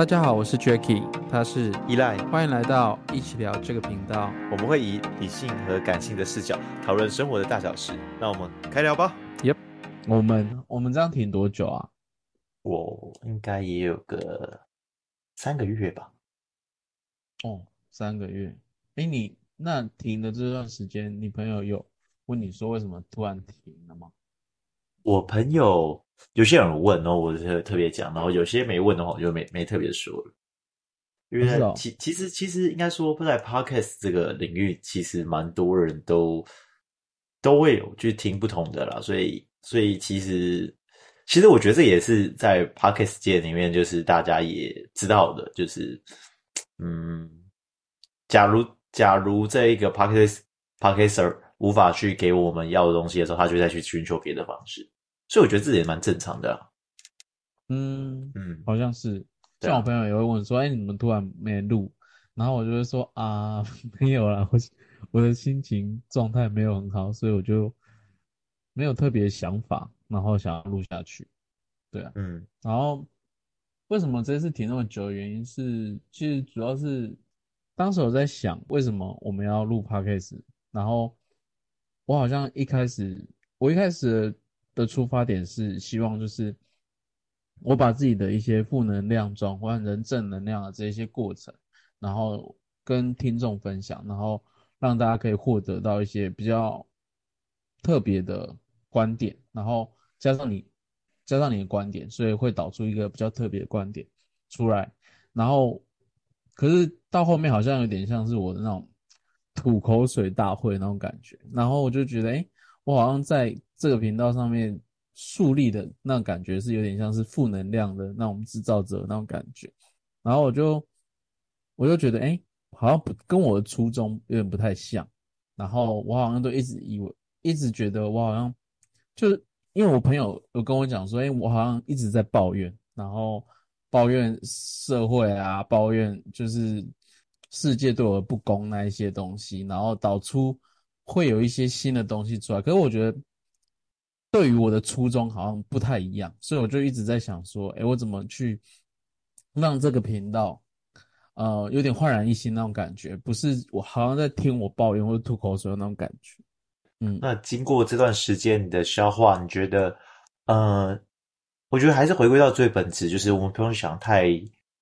大家好，我是 Jacky，他是 Eli，Eli，歡迎來到一起聊這個頻道。我們會以理性和感性的視角討論生活的大小事。那我們開聊吧。Yep. 我們我們這樣停多久啊？我應該也有個三個月吧。哦，三個月。哎，你那停的這段時間，你朋友有問你說為什麼突然停了嗎？我朋友。有些人問，然後我就特別講，然後有些沒問的話，我就沒沒特別說了。因為他其其實其實應該說，在 podcast 這個領域，其實蠻多人都都會有去聽不同的啦。所以所以其實其實我覺得這也是在 podcast 界裡面，就是大家也知道的，就是嗯，假如假如這一個 podcast podcaster 無法去給我們要的東西的時候，他就再去尋求別的方式。所以我覺得自己也蠻正常的啊，嗯嗯，好像是，像我朋友也會問說，哎、啊欸，你們突然沒錄，然後我就會說啊，沒有啦，我我的心情狀態沒有很好，所以我就沒有特別想法，然後想要錄下去，對啊，嗯，然後為什麼這次停那麼久的原因是其實主要是當時我在想，為什麼我們要錄 Podcast，然後我好像一開始，我一開始。的出發點是希望，就是我把自己的一些負能量轉換成正能量的這一些過程，然後跟聽眾分享，然後讓大家可以獲得到一些比較特別的觀點，然後加上你，加上你的觀點，所以會導出一個比較特別的觀點出來。然後，可是到後面好像有點像是我的那種吐口水大會那種感覺，然後我就覺得，誒、欸，我好像在這個頻道上面樹立的那感覺是有點像是負能量的，那我們制造者那種感覺，然後我就我就覺得哎，好像不跟我的初衷有點不太像，然後我好像都一直以為一直覺得我好像就是因為我朋友有跟我講說，哎，我好像一直在抱怨，然後抱怨社會啊、抱怨就是世界對我的不公那一些東西，然後導出會有一些新的東西出來，可是我覺得。對於我的初衷好像不太一樣，所以我就一直在想說，誒，我怎麼去讓這個頻道，呃，有點煥然一新那種感覺，不是我好像在聽我抱怨或者吐口水那種感覺。嗯，那經過這段時間你的消化，你覺得，呃，我覺得還是回歸到最本質，就是我們不用想太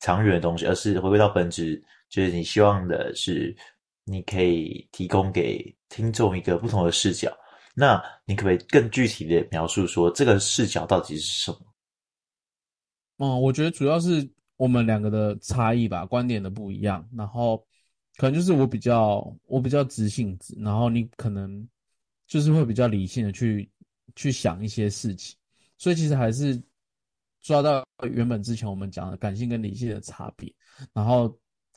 長遠的東西，而是回歸到本質，就是你希望的是你可以提供給聽眾一個不同的視角。那你可不可以更具體的描述說，這個視角到底是什麼？嗯，我覺得主要是我們兩個的差異吧，觀點的不一樣。然後可能就是我比較我比較直性子，然後你可能就是會比較理性的去去想一些事情。所以其實還是抓到原本之前我們講的感性跟理性的差別，然後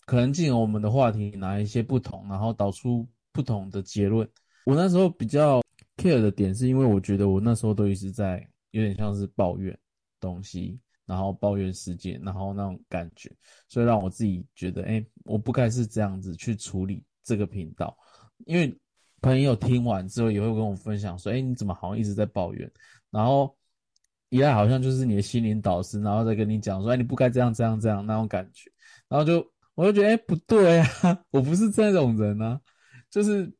可能進入我們的話題拿一些不同，然後導出不同的結論。我那時候比較。care 的點是因為我覺得我那時候都一直在有點像是抱怨東西，然後抱怨世界，然後那種感覺，所以讓我自己覺得，哎、欸，我不該是這樣子去處理這個頻道，因為朋友聽完之後也會跟我分享說，哎、欸，你怎麼好像一直在抱怨，然後一來好像就是你的心靈導師，然後再跟你講說，哎、欸，你不該這樣這樣這樣那種感覺，然後就我就覺得，哎、欸，不對啊，我不是這種人啊，就是。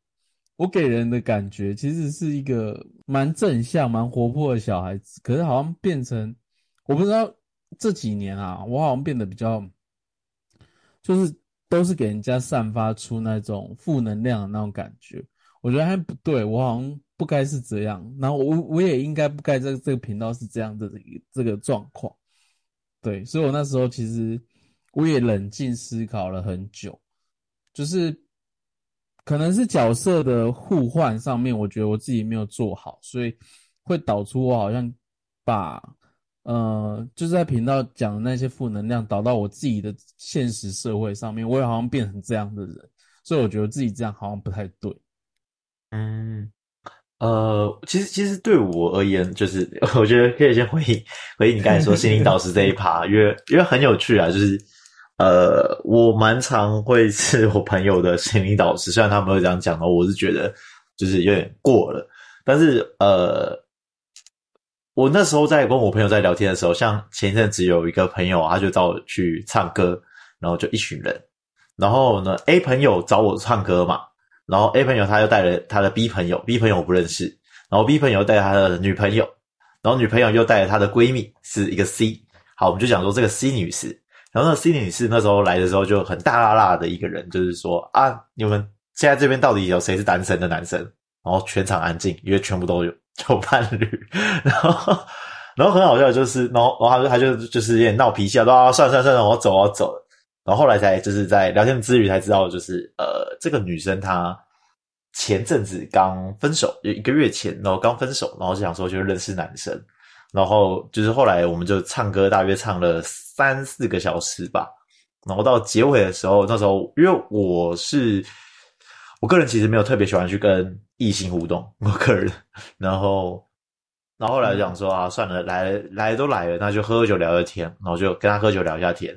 我給人的感覺其實是一個蠻正向、蠻活潑的小孩子，可是好像變成我不知道這幾年啊，我好像變得比較，就是都是給人家散發出那種負能量的那種感覺。我覺得還不對，我好像不該是這樣。然後我我也應該不該在這個、這個頻道是這樣的一個這個狀況，對，所以我那時候其實我也冷靜思考了很久，就是。可能是角色的互換上面，我覺得我自己沒有做好，所以會導出我好像把呃，就是在頻道講的那些負能量導到我自己的現實社會上面，我也好像變成這樣的人，所以我覺得自己這樣好像不太對。嗯，呃，其實其實對我而言，就是我覺得可以先回應 回應你剛才說心靈導師這一趴，因為因為很有趣啊，就是。呃，我蠻常會是我朋友的心理導師，雖然他沒有這樣講哦，我是覺得就是有點過了。但是呃，我那時候在跟我朋友在聊天的時候，像前一陣子有一個朋友，他就找我去唱歌，然後就一群人。然後呢，A 朋友找我唱歌嘛，然後 A 朋友他又帶了他的 B 朋友，B 朋友我不認識，然後 B 朋友帶他的女朋友，然後女朋友又帶了她的閨蜜，是一個 C。好，我們就講說這個 C 女士。然後那 Cindy 女士那時候來的時候就很大剌剌的一個人，就是說啊，你們現在這邊到底有誰是單身的男生？然後全場安靜，因為全部都有有伴侶。然後，然後很好笑就是，然後然後他就他就就是有點鬧脾氣啊，說啊，算了算了算了，我走我、啊、走。然後後來才就是在聊天之餘才知道，就是呃，這個女生她前陣子剛分手，有一個月前，然後剛分手，然後就想說就認識男生。然後就是後來我們就唱歌，大約唱了。三四個小時吧，然後到結尾的時候，那時候因為我是我個人其實沒有特別喜歡去跟異性互動，我個人。然後，然後，後來講說啊，算了，來來都來了，那就喝喝酒聊聊天。然後就跟他喝酒聊一下天，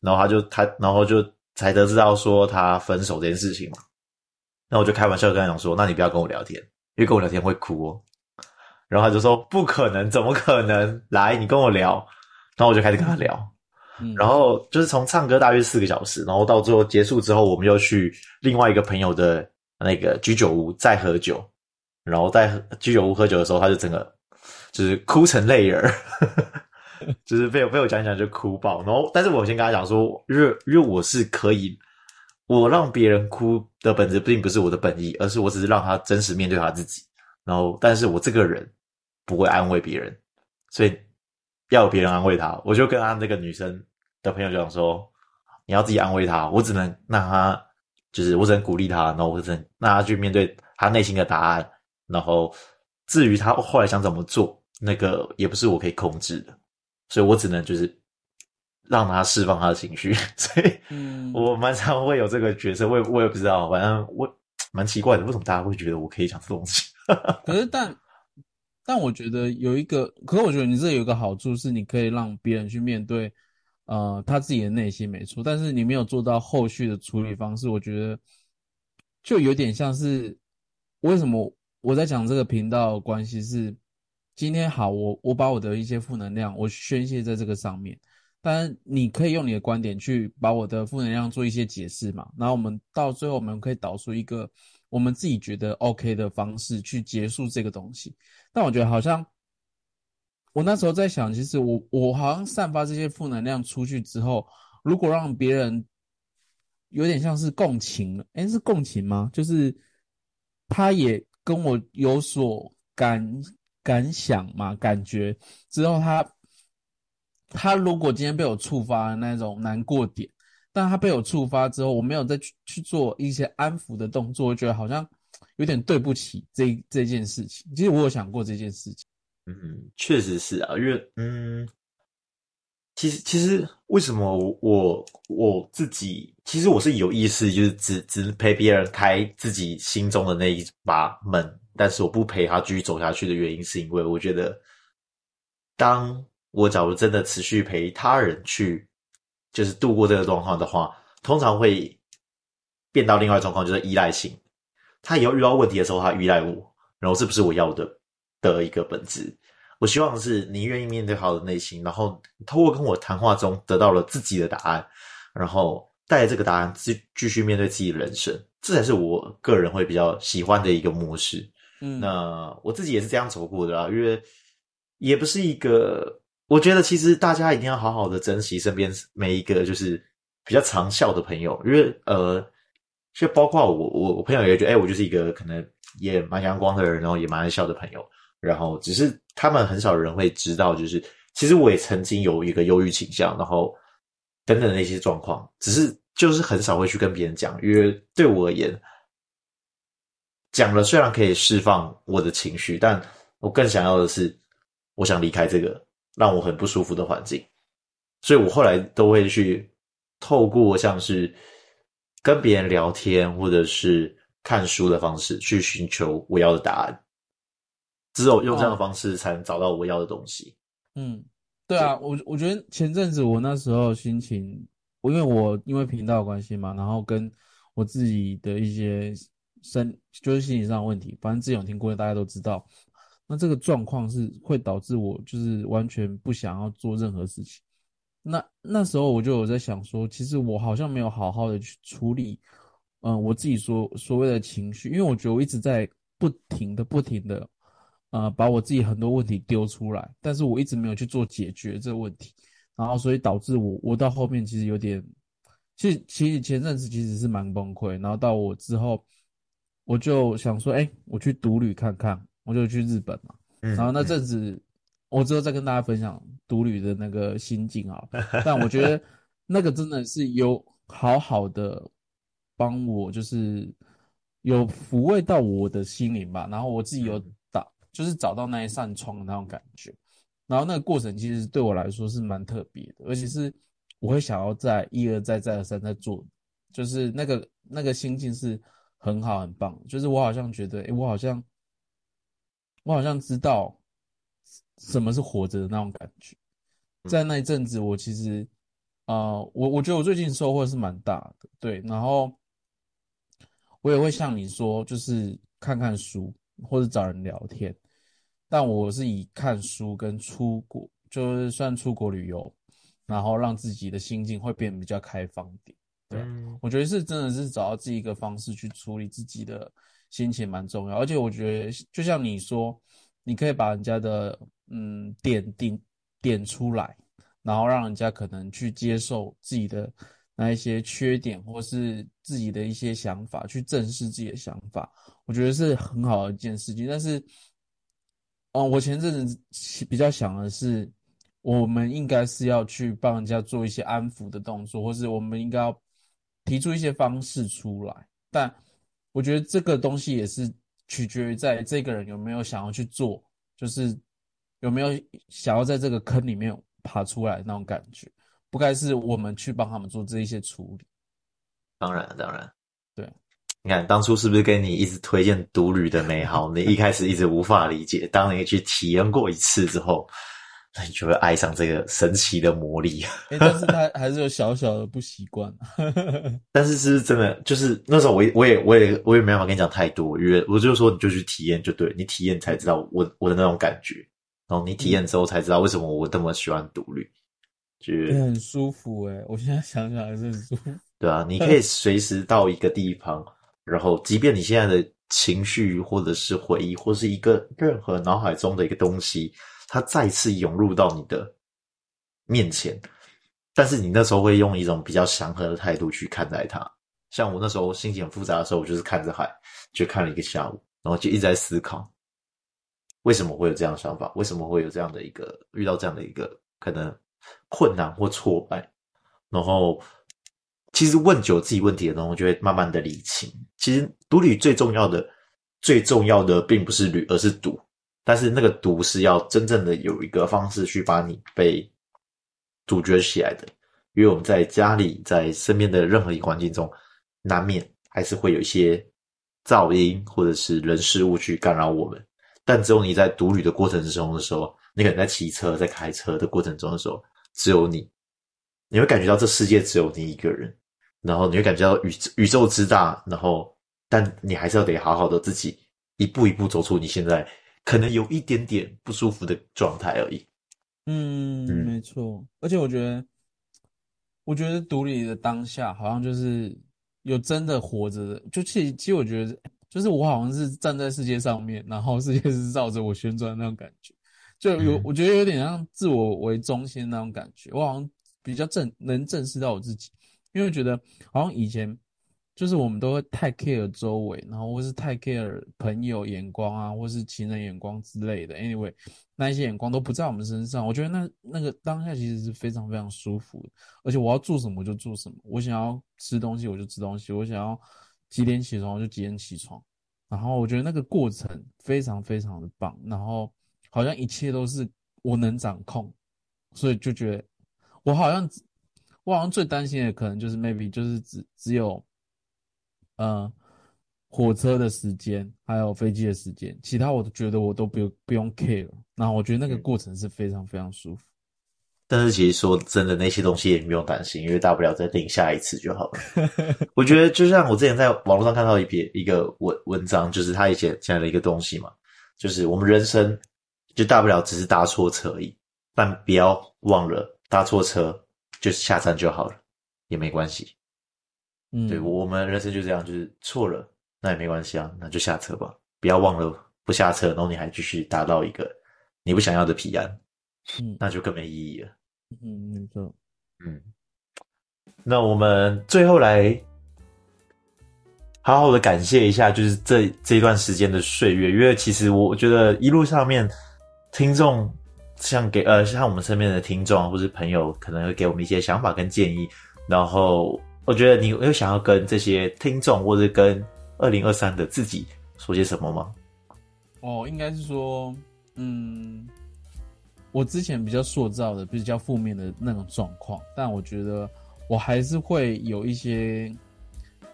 然後他就他然後就才得知道說他分手這件事情嘛。那我就開玩笑跟他講說，那你不要跟我聊天，因為跟我聊天會哭哦。然後他就說不可能，怎麼可能？來，你跟我聊。然後我就開始跟他聊。然後就是從唱歌大約四個小時，然後到最後結束之後，我們又去另外一個朋友的那個居酒屋再喝酒，然後在居酒屋喝酒的時候，他就整個就是哭成淚人， 就是被我被我講一講就哭爆。然後但是我先跟他講說，因為因為我是可以，我讓別人哭的本質並不是我的本意，而是我只是讓他真實面對他自己。然後但是我這個人不會安慰別人，所以要有別人安慰他，我就跟他那個女生。的朋友就想說，你要自己安慰他，我只能讓他就是我只能鼓勵他，然後我只能讓他去面對他內心的答案。然後至於他後來想怎麼做，那個也不是我可以控制的，所以我只能就是讓他釋放他的情緒。所以我蠻常會有這個角色，我也我也不知道，反正我蠻奇怪的，為什麼大家會覺得我可以講這東西？可是但但我覺得有一個，可是我覺得你這有一個好處是，你可以讓別人去面對。呃，他自己的內心沒錯，但是你沒有做到後續的處理方式，嗯，我覺得就有點像是為什麼我在講這個頻道的關係是，今天好，我我把我的一些負能量我宣洩在這個上面，當然你可以用你的觀點去把我的負能量做一些解釋嘛，然後我們到最後我們可以導出一個我們自己覺得 OK 的方式去結束這個東西，但我覺得好像。我那時候在想，其實我我好像散發這些負能量出去之後，如果讓別人有點像是共情，誒，是共情嗎？就是他也跟我有所感感想嘛，感覺，之後他他如果今天被我觸發的那種難過點，但他被我觸發之後，我沒有再去去做一些安撫的動作，我覺得好像有點對不起這這件事情。其實我有想過這件事情。嗯，確實是啊，因為嗯，其實其實為什麼我我自己其實我是有意識，就是只只陪別人開自己心中的那一把門，但是我不陪他繼續走下去的原因，是因為我覺得，當我假如真的持續陪他人去，就是度過這個狀況的話，通常會變到另外一個狀況，就是依賴性。他以後遇到問題的時候，他依賴我，然後這不是我要的。的一個本質，我希望是你願意面對好的內心，然後透過跟我談話中得到了自己的答案，然後帶著這個答案繼繼續面對自己的人生，這才是我個人會比較喜歡的一個模式。嗯，那我自己也是這樣走過的啦，因為也不是一個，我覺得其實大家一定要好好的珍惜身邊每一個就是比較常笑的朋友，因為呃，就包括我，我我朋友也覺得，哎、欸，我就是一個可能也蠻陽光的人，然後也蠻愛笑的朋友。然後，只是他們很少人會知道，就是其實我也曾經有一個憂鬱傾向，然後等等的那些狀況，只是就是很少會去跟別人講，因為對我而言，講了雖然可以釋放我的情緒，但我更想要的是，我想離開這個讓我很不舒服的環境，所以我後來都會去透過像是跟別人聊天或者是看書的方式，去尋求我要的答案。只有用這樣的方式才能找到我要的東西。哦、嗯，對啊，是我我覺得前陣子我那時候心情，我因為我因為頻道關係嘛，然後跟我自己的一些身就是心理上的問題，反正自己有聽過的大家都知道。那這個狀況是會導致我就是完全不想要做任何事情。那那時候我就有在想說，其實我好像沒有好好的去處理，嗯，我自己所所謂的情緒，因為我覺得我一直在不停的不停的。呃，把我自己很多問題丟出來，但是我一直沒有去做解決這個問題，然後所以導致我我到後面其實有點，其實其實前陣子其實是蠻崩潰，然後到我之後，我就想說，哎，我去獨旅看看，我就去日本嘛，嗯、然後那陣子、嗯、我之後再跟大家分享獨旅的那個心境啊，但我覺得那個真的是有好好的幫我，就是有撫慰到我的心靈吧，然後我自己有。嗯就是找到那一扇窗的那種感覺，然後那個過程其實對我來說是蠻特別的，而且是我會想要在一而再、再而三再做，就是那個那個心境是很好很棒的，就是我好像覺得，哎，我好像我好像知道什麼是活着的那種感覺，在那一陣子，我其實啊、呃，我我覺得我最近收穫是蠻大的，對，然後我也會像你說，就是看看書或者找人聊天。但我是以看書跟出國，就是算出國旅遊，然後讓自己的心境會變得比較開放點。對，嗯、我覺得是真的是找到自己一個方式去處理自己的心情蠻重要。而且我覺得，就像你說，你可以把人家的嗯點定點出來，然後讓人家可能去接受自己的那一些缺點，或是自己的一些想法，去正視自己的想法，我覺得是很好的一件事情。但是。嗯，我前陣子比較想的是，我們應該是要去幫人家做一些安撫的動作，或是我們應該要提出一些方式出來。但我覺得這個東西也是取決於在這個人有沒有想要去做，就是有沒有想要在這個坑裡面爬出來那種感覺。不該是我們去幫他們做這一些處理。當然，當然。對。你看，當初是不是跟你一直推薦獨旅的美好？你一開始一直無法理解，當你去體驗過一次之後，那你就會愛上這個神奇的魔力。欸、但是他還是有小小的不習慣。 但是是不是真的，就是那時候我也我也我也我也沒辦法跟你講太多，因為我就說你就去體驗就對，你體驗才知道我我的那種感覺。然後你體驗之後才知道為什麼我這麼喜歡獨旅，就、欸、很舒服哎、欸！我現在想想還是很舒服。 對啊，你可以隨時到一個地方，然後，即便你現在的情緒，或者是回憶，或是一個任何腦海中的一個東西，它再次湧入到你的面前，但是你那時候會用一種比較祥和的態度去看待它。像我那時候心情很複雜的時候，我就是看着海，就看了一個下午，然後就一直在思考，為什麼會有這樣的想法，為什麼會有這樣的一個遇到這樣的一個可能困難或挫敗，然後其實問久自己問題的時候，我就會慢慢的理清。其實獨旅最重要的，最重要的，並不是旅，而是獨。但是那個獨是要真正的有一個方式去把你被阻絕起來的。因為我們在家裡、在身邊的任何一個環境中，難免還是會有一些噪音或者是人事物去干擾我們。但只有你在獨旅的過程之中的時候，你可能在騎車、在開車的過程中的時候，只有你，你會感覺到這世界只有你一個人，然後你會感覺到宇宙宇宙之大，然後。但你還是要得好好的自己一步一步走出你現在可能有一點點不舒服的狀態而已。嗯，沒錯。而且我覺得，我覺得獨立的當下好像就是有真的活著的，就其實其實我覺得就是我好像是站在世界上面，然後世界是繞着我旋轉的那種感覺，就有、嗯、我覺得有點像自我為中心那種感覺。我好像比較正，能正視到我自己，因為我覺得好像以前。就是我們都會太 care 周圍，然後或是太 care 朋友眼光啊，或是情人眼光之類的。Anyway，那一些眼光都不在我們身上。我覺得那那個當下其實是非常非常舒服的，而且我要做什麼就做什麼，我想要吃東西我就吃東西，我想要幾點起床就幾點起床。然後我覺得那個過程非常非常的棒，然後好像一切都是我能掌控，所以就覺得我好像我好像最擔心的可能就是 maybe 就是只只有。嗯，火車的時間，還有飛機的時間，其他我都覺得我都不用不用 care。那我覺得那個過程是非常非常舒服。但是其實說真的，那些東西也不用擔心，因為大不了再訂下一次就好了。 我覺得就像我之前在網絡上看到一篇一個文文章，就是他以前講的一個東西嘛，就是我們人生就大不了只是搭錯車而已，但不要忘了搭錯車就是下站就好了，也沒關係。對，我們人生就這樣，就是錯了，那也沒關係啊，那就下車吧，不要忘了不下車，然後你還繼續達到一個你不想要的彼岸，嗯，那就更沒意義了。嗯，沒錯。嗯，那我們最後來好好的感謝一下，就是這這一段時間的歲月，因為其實我覺得一路上面，聽眾像給呃，像我們身邊的聽眾或是朋友，可能會給我們一些想法跟建議，然後。我覺得你有想要跟這些聽眾，或者跟二零二三的自己說些什麼嗎？哦，oh, 應該是說，嗯，我之前比較塑造的比較負面的那種狀況，但我覺得我還是會有一些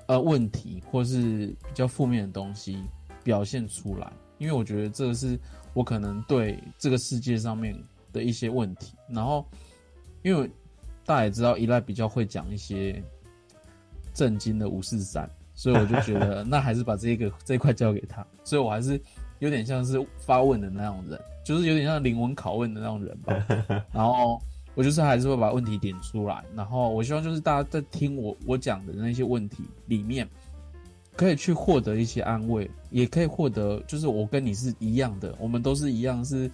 呃問題，或是比較負面的東西表現出來，因為我覺得這個是我可能對這個世界上面的一些問題，然後因為大家也知道，Eli 比較會講一些。正經的五四三，所以我就覺得那還是把這、個、這一個這塊交給他，所以我還是有點像是發問的那種人，就是有點像靈魂拷問的那種人吧。然後我就是還是會把問題點出來，然後我希望就是大家在聽我我講的那些問題裡面，可以去獲得一些安慰，也可以獲得就是我跟你是一樣的，我們都是一樣是，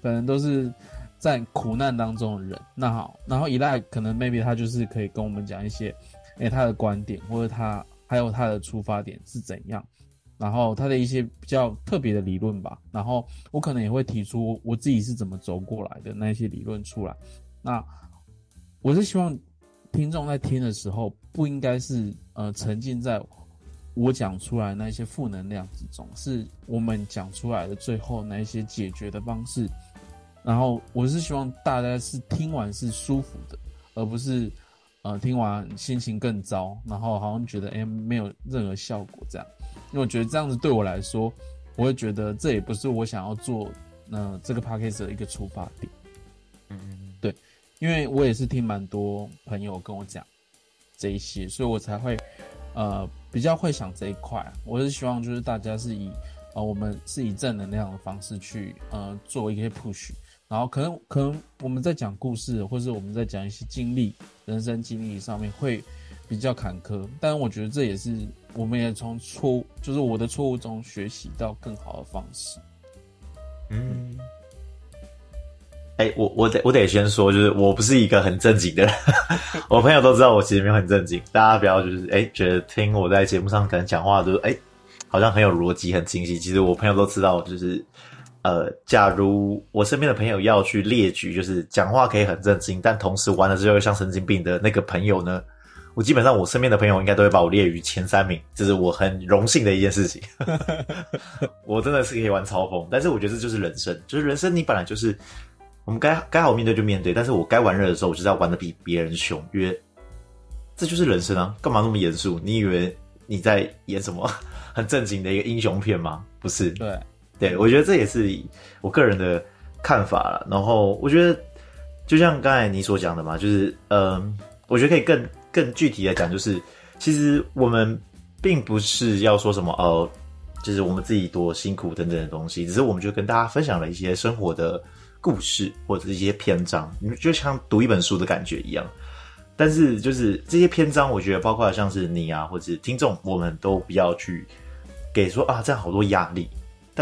反正都是在苦難當中的人。那好，然後 Eli 可能 maybe 他就是可以跟我們講一些。誒，他的觀點或者他還有他的出發點是怎樣？然後他的一些比較特別的理論吧。然後我可能也會提出我自己是怎麼走過來的那些理論出來。那我是希望聽眾在聽的時候不應該是呃沉浸在我，我講出來的那些負能量之中，是我們講出來的最後那一些解決的方式。然後我是希望大家是聽完是舒服的，而不是。呃，聽完心情更糟，然後好像覺得哎、欸，沒有任何效果這樣，因為我覺得這樣子對我來說，我會覺得這也不是我想要做，呃，這個 podcast 的一個出發點。嗯嗯，對，因為我也是聽蠻多朋友跟我講這一些，所以我才會呃比較會想這一塊。我是希望就是大家是以呃我們是以正能量的方式去呃做一些 push。然後可能可能我們在講故事，或是我們在講一些經歷、人生經歷上面會比較坎坷，但我覺得這也是我們也從錯誤，就是我的錯誤中學習到更好的方式。嗯，哎、欸，我我得我得先說，就是我不是一個很正經的人， 我朋友都知道我其實沒有很正經，大家不要就是哎、欸、覺得聽我在節目上可能講話就是哎、欸、好像很有邏輯很清晰，其實我朋友都知道我就是。呃，假如我身邊的朋友要去列舉，就是講話可以很正經，但同時玩了之後又像神經病的那個朋友呢，我基本上我身邊的朋友應該都會把我列於前三名，這、就是我很榮幸的一件事情。 我真的是可以玩超瘋，但是我覺得這就是人生，就是人生你本來就是，我們該該好面對就面對，但是我該玩樂的時候，我就是要玩的比別人兇，因為這就是人生啊！幹嘛那麼嚴肅？你以為你在演什麼很正經的一個英雄片嗎？不是。對。對，我覺得這也是我個人的看法啦。然後我覺得，就像剛才你所講的嘛，就是，嗯，我覺得可以更更具體來講，就是，其實我們並不是要說什麼，呃、哦，就是我們自己多辛苦等等的東西，只是我們就跟大家分享了一些生活的故事或者一些篇章，你就像讀一本書的感覺一樣。但是，就是這些篇章，我覺得包括像是你啊，或者聽眾，我們都不要去給說啊，這樣好多壓力。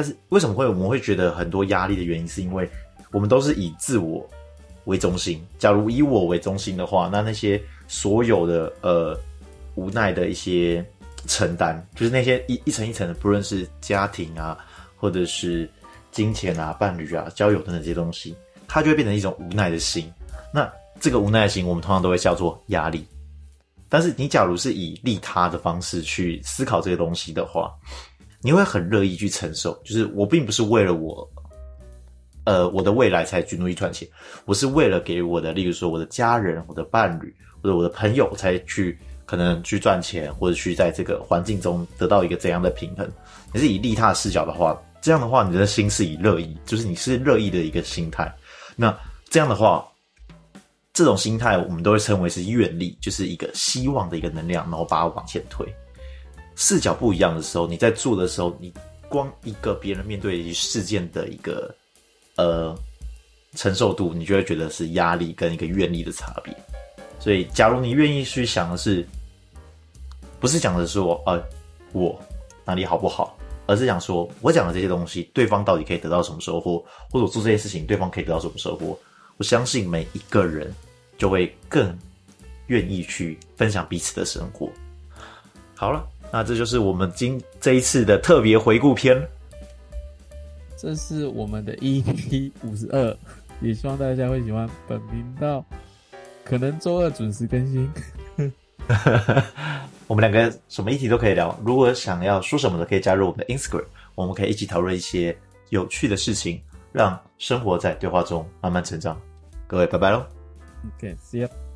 但是為什麼會我們會覺得很多壓力的原因，是因為我們都是以自我為中心。假如以我為中心的話，那那些所有的呃無奈的一些承擔，就是那些一一層一層的，不論是家庭啊，或者是金錢啊、伴侶啊、交友等等這些東西，它就會變成一種無奈的心。那這個無奈的心，我們通常都會叫做壓力。但是你假如是以利他的方式去思考這個東西的話，你會很樂意去承受，就是我並不是為了我，呃，我的未來才去努力賺錢，我是為了給我的，例如說我的家人、我的伴侶或者我、我的朋友才去可能去賺錢，或者去在這個環境中得到一個怎樣的平衡。你是以利他視角的話，這樣的話，你的心是以樂意，就是你是樂意的一個心態。那這樣的話，這種心態我們都會稱為是願力，就是一個希望的一個能量，然後把它往前推。視角不一樣的時候，你在做的時候，你光一個別人面對事件的一個呃承受度，你就會覺得是壓力跟一個願力的差別。所以，假如你願意去想的是，不是講的是說呃我哪裡好不好，而是講說我講的這些東西，對方到底可以得到什麼收穫，或者我做這些事情，對方可以得到什麼收穫。我相信每一個人就會更願意去分享彼此的生活。好了。那這就是我們今這一次的特別回顧篇，這是我們的 EP 五十二，也希望大家會喜歡本頻道，可能周二準時更新。 我們兩個什麼議題都可以聊，如果想要說什麼的，可以加入我們的 Instagram，我們可以一起討論一些有趣的事情，讓生活在對話中慢慢成長。各位，拜拜嘍。OK，See you.